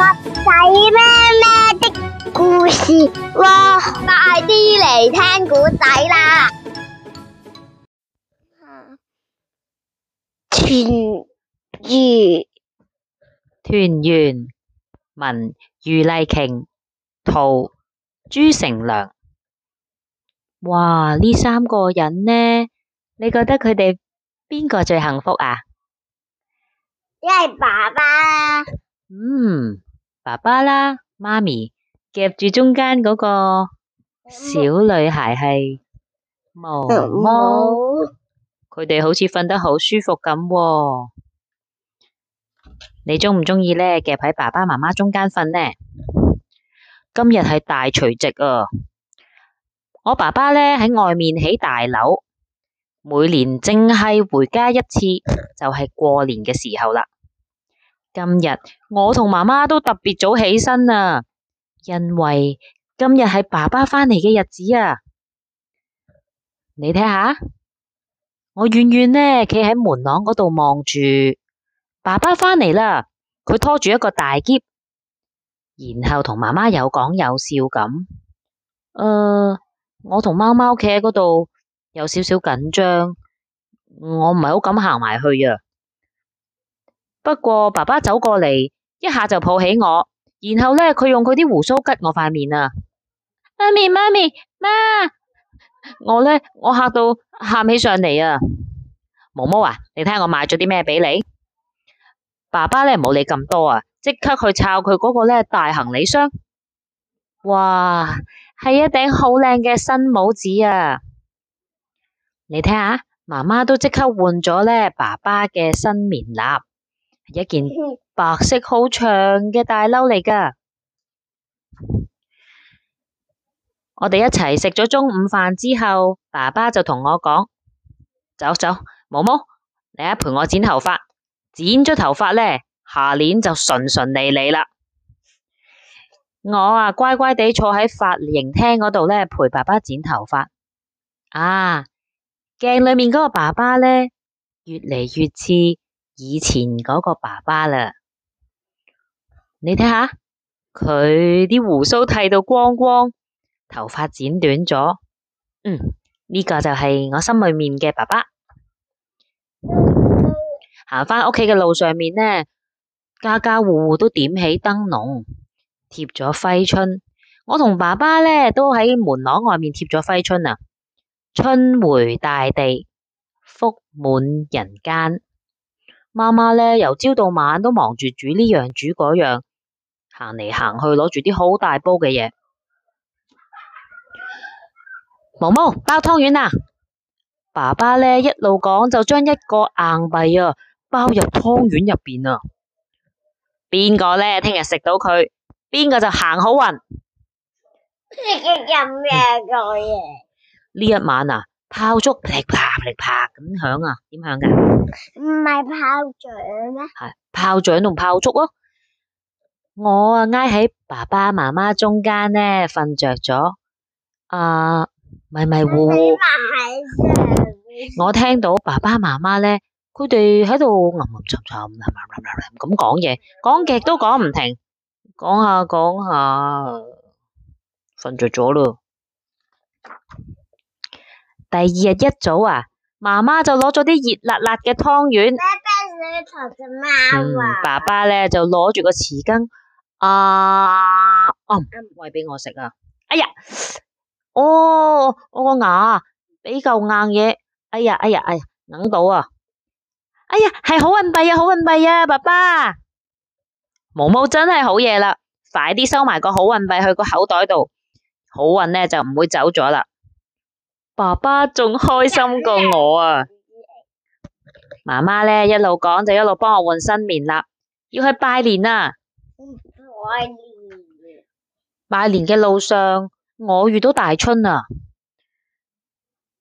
仔、啊、咩咩的故事哇！快啲嚟聽古仔啦！團圓，團圓文余麗瓊、圖朱成梁。哇！呢三個人呢？你覺得佢哋邊個最幸福啊？一係爸爸啦。嗯。爸爸啦，媽咪夾住中間嗰個小女孩係毛毛，佢哋毛好似瞓得好舒服咁。哦。你鍾唔鍾意咧？夾喺爸爸媽媽中間瞓咧？今日係大除夕啊！我爸爸咧喺外面起大樓，每年淨係回家一次，就係、是、過年嘅時候啦。今日我同媽媽都特別早起身啊，因為今日係爸爸返嚟嘅日子啊。你睇下，我遠遠呢企喺門廊嗰度望住爸爸返嚟啦，佢拖住一個大篋，然後同媽媽有講有笑咁。誒、呃，我同貓貓企喺嗰度，有少少緊張，我唔係好敢行埋去啊。不過爸爸走過嚟，一下就抱起我，然後咧佢用佢啲胡鬚吉我塊面啊媽！媽咪媽咪媽，我咧我吓到喊起上嚟啊！毛毛啊，你睇下我買咗啲咩俾你？爸爸咧冇你咁多啊，即刻去抄佢嗰個咧大行李箱。哇，係一頂好靚嘅新帽子啊！你睇下，媽媽都即刻換咗咧爸爸嘅新棉衲。一件白色好長嘅大褸嚟㗎。我哋一齊食咗中午飯之後，爸爸就同我講：「走，走，毛毛，你啊陪我剪頭髮。剪咗頭髮咧，下年就順順利利啦。我啊乖乖地坐喺髮型廳嗰度咧，陪爸爸剪頭髮。啊，鏡裏面嗰個爸爸咧，越嚟越似。以前嗰個爸爸啦，你睇下，佢啲鬍鬚剃到光光，頭髮剪短咗。嗯，呢、這個就係我心裏面嘅爸爸。行返屋企嘅路上面呢，家家戶戶都點起燈籠，貼咗揮春。我同爸爸呢都喺門廊外面貼咗揮春啊！春回大地，福滿人間。媽媽咧，由朝到晚都忙住煮呢樣煮嗰樣，行嚟行去，攞住啲好大煲嘅嘢。毛毛包湯圓啊！爸爸咧一路講，就將一個硬幣啊包入湯圓入邊啊。邊個咧聽日食到佢，邊個就行好運。食緊咩嘢？呢一晚啊！炮竹噼啪噼啪咁響啊，點響㗎？唔係炮仗咩？係炮仗同炮竹咯。我啊挨喺爸爸媽媽中間呢，瞓着咗，啊迷迷糊糊。起碼係嘅。我聽到爸爸媽媽呢，佢哋喺度吟吟沉沉，吟吟吟吟咁講嘢，講極都講唔停，講下講下，瞓着咗咯。第二日一早啊，媽媽就攞咗啲熱辣辣嘅湯圓，嗯。爸爸呢，你同隻貓就攞住個匙羹啊，哦，喂，俾我食啊！哎呀，哦，我個牙比嚿硬嘢，哎呀，哎呀，哎呀，擰到啊！哎呀，係，哎哎哎，好運幣啊，好運幣啊，爸爸，毛毛真係好嘢啦，快啲收埋個好運幣去個口袋度，好運咧就唔會走咗啦。爸爸仲開心過我啊！媽媽咧一路講就一路幫我換新棉笠，要去拜年啦，啊！拜年！拜年嘅路上，我遇到大春啊！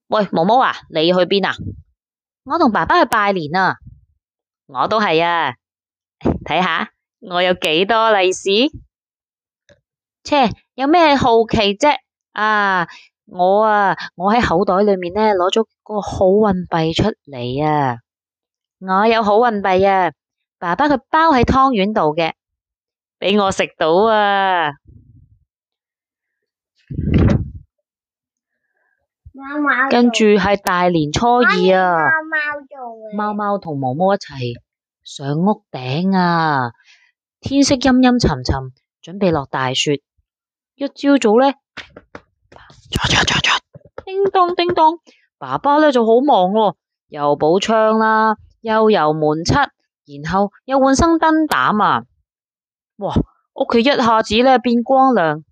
喂，毛毛啊，你去邊啊？我同爸爸去拜年啊！我都係啊！睇下我有幾多利是？切，有咩好奇啫？啊！我啊，我喺口袋裏面呢，攞咗個好運幣出嚟啊！我有好運幣啊，爸爸佢包喺湯圓度嘅，畀我食到啊！貓貓，跟住係大年初二啊，貓貓做嘅，貓貓同毛毛一齊上屋頂啊，天色陰陰沉沉，準備落大雪，一朝早呢？叮咚叮咚，爸爸呢就好忙咯，又補窗啦、啊，又油門漆，然後又換新燈膽啊！哇，屋企一下子呢變光亮。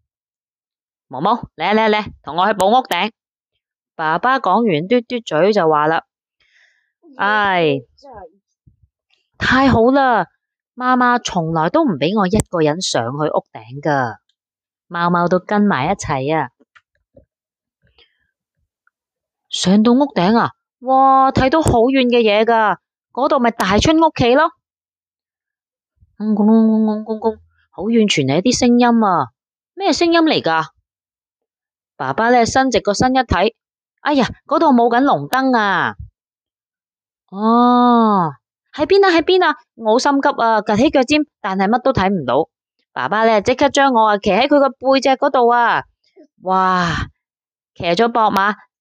毛毛嚟嚟嚟，同、啊啊、我去補屋頂。爸爸講完嘟嘟嘴就話啦，唉、哎，太好啦！媽媽從來都唔俾我一個人上去屋頂噶，毛毛都跟埋一齊啊！上到屋頂啊，哇！睇到好遠嘅嘢噶，嗰度咪大春屋企咯。嗡嗡嗡嗡嗡嗡，好遠傳嚟一啲聲音啊！咩聲音嚟噶？爸爸咧伸直個身一睇，哎呀，嗰度舞緊龍燈啊！哦，喺邊啊，喺邊啊，啊！我好心急啊，趷起腳尖，但係乜都睇唔到。爸爸咧即刻將我啊騎喺佢個背脊嗰度啊！哇，騎咗膊馬。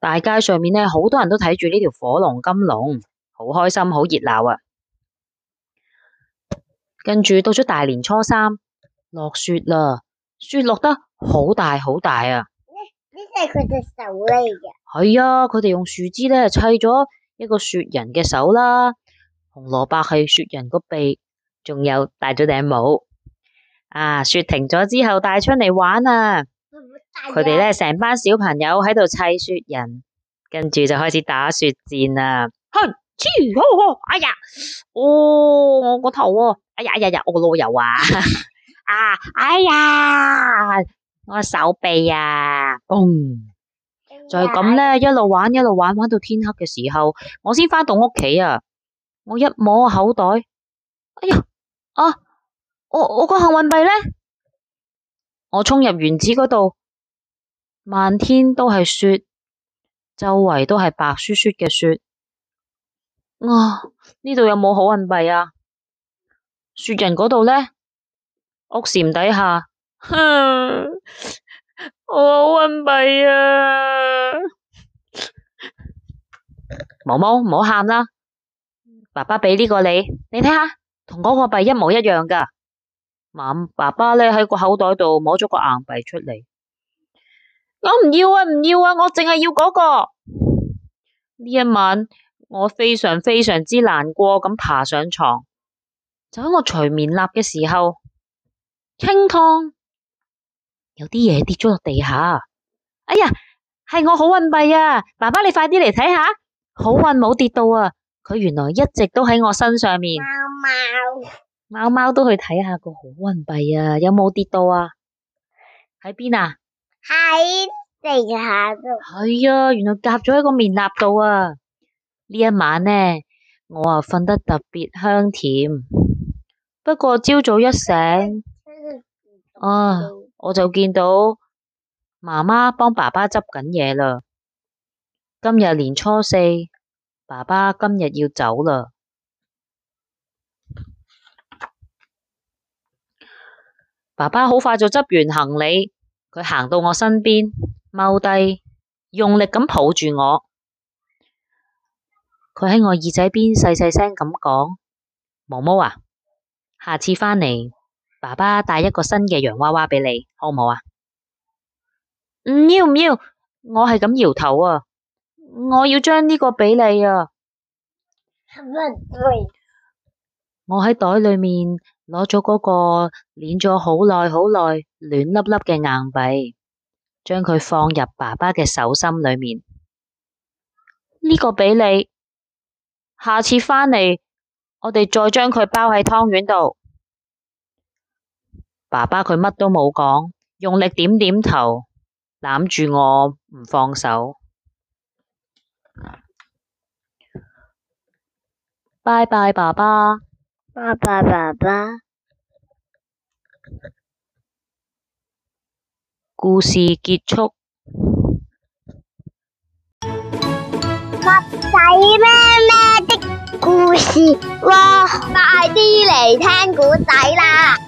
大街上面咧，好多人都睇住呢條火龍金龍，好開心，好熱鬧啊！跟住到咗大年初三，落雪啦，雪落得好大好大啊！呢隻係佢隻手嚟嘅。係啊，佢哋用樹枝咧砌咗一個雪人嘅手啦，紅蘿蔔係雪人個鼻，仲有戴咗頂帽。啊，雪停咗之後，帶出嚟玩啊！佢哋咧成班小朋友喺度砌雪人，跟住就開始打雪戰啦。嘿，超 好樂！哎呀，哦，我個頭哦、啊！哎呀，哎呀，又我攞又話啊！哎呀，我個手臂啊，嘣！就係咁咧，一路玩一路玩，玩到天黑嘅時候，我先返到屋企啊！我一摸口袋，哎呀，啊，我我個幸運幣咧，我衝入原子嗰度。漫天都係雪，周圍都係白雪雪嘅雪。我呢度有冇好運幣啊？雪人嗰度呢？屋檐底下，我好運幣啊！毛毛唔好喊啦，爸爸俾呢個你，你睇下，同嗰個幣一模一樣噶。媽，爸爸咧喺個口袋度摸咗個硬幣出嚟。我唔要啊，唔要啊，我淨係要嗰個。呢一晚我非常非常之難過咁爬上床，就喺我除面立嘅時候，清燙有啲嘢跌咗落地下。哎呀，係我好運幣啊！爸爸，你快啲嚟睇下，好運冇跌到啊！佢原來一直都喺我身上面。貓貓貓貓都去睇下個好運幣啊，有冇跌到啊？喺邊啊？喺地下。係呀，原來夾咗喺個棉衲度啊！呢一晚呢，我啊瞓得特別香甜。不過朝早一醒， 啊，我就見到媽媽幫爸爸執緊嘢喇。今日年初四，爸爸今日要走喇。爸爸好快就執完行李。佢行到我身邊，踎低，用力咁抱住我。佢喺我耳仔邊細細聲咁講：，細細細毛毛啊，下次返嚟，爸爸帶一個新嘅洋娃娃畀你，好唔好啊？唔要唔要，我係咁搖頭啊！我要將呢個畀你啊！嗯嗯嗯嗯嗯、我喺袋裏面。攞咗嗰個碾咗好耐好耐，暖粒粒嘅硬幣，將佢放入爸爸嘅手心裏面。呢、這個畀你，下次返嚟，我哋再將佢包喺湯圓度。爸爸佢乜都冇講，用力點點頭，攬住我唔放手。拜拜，爸爸。爸爸爸爸，故事結束。襪仔咩咩的故事喎？快啲嚟聽故仔啦！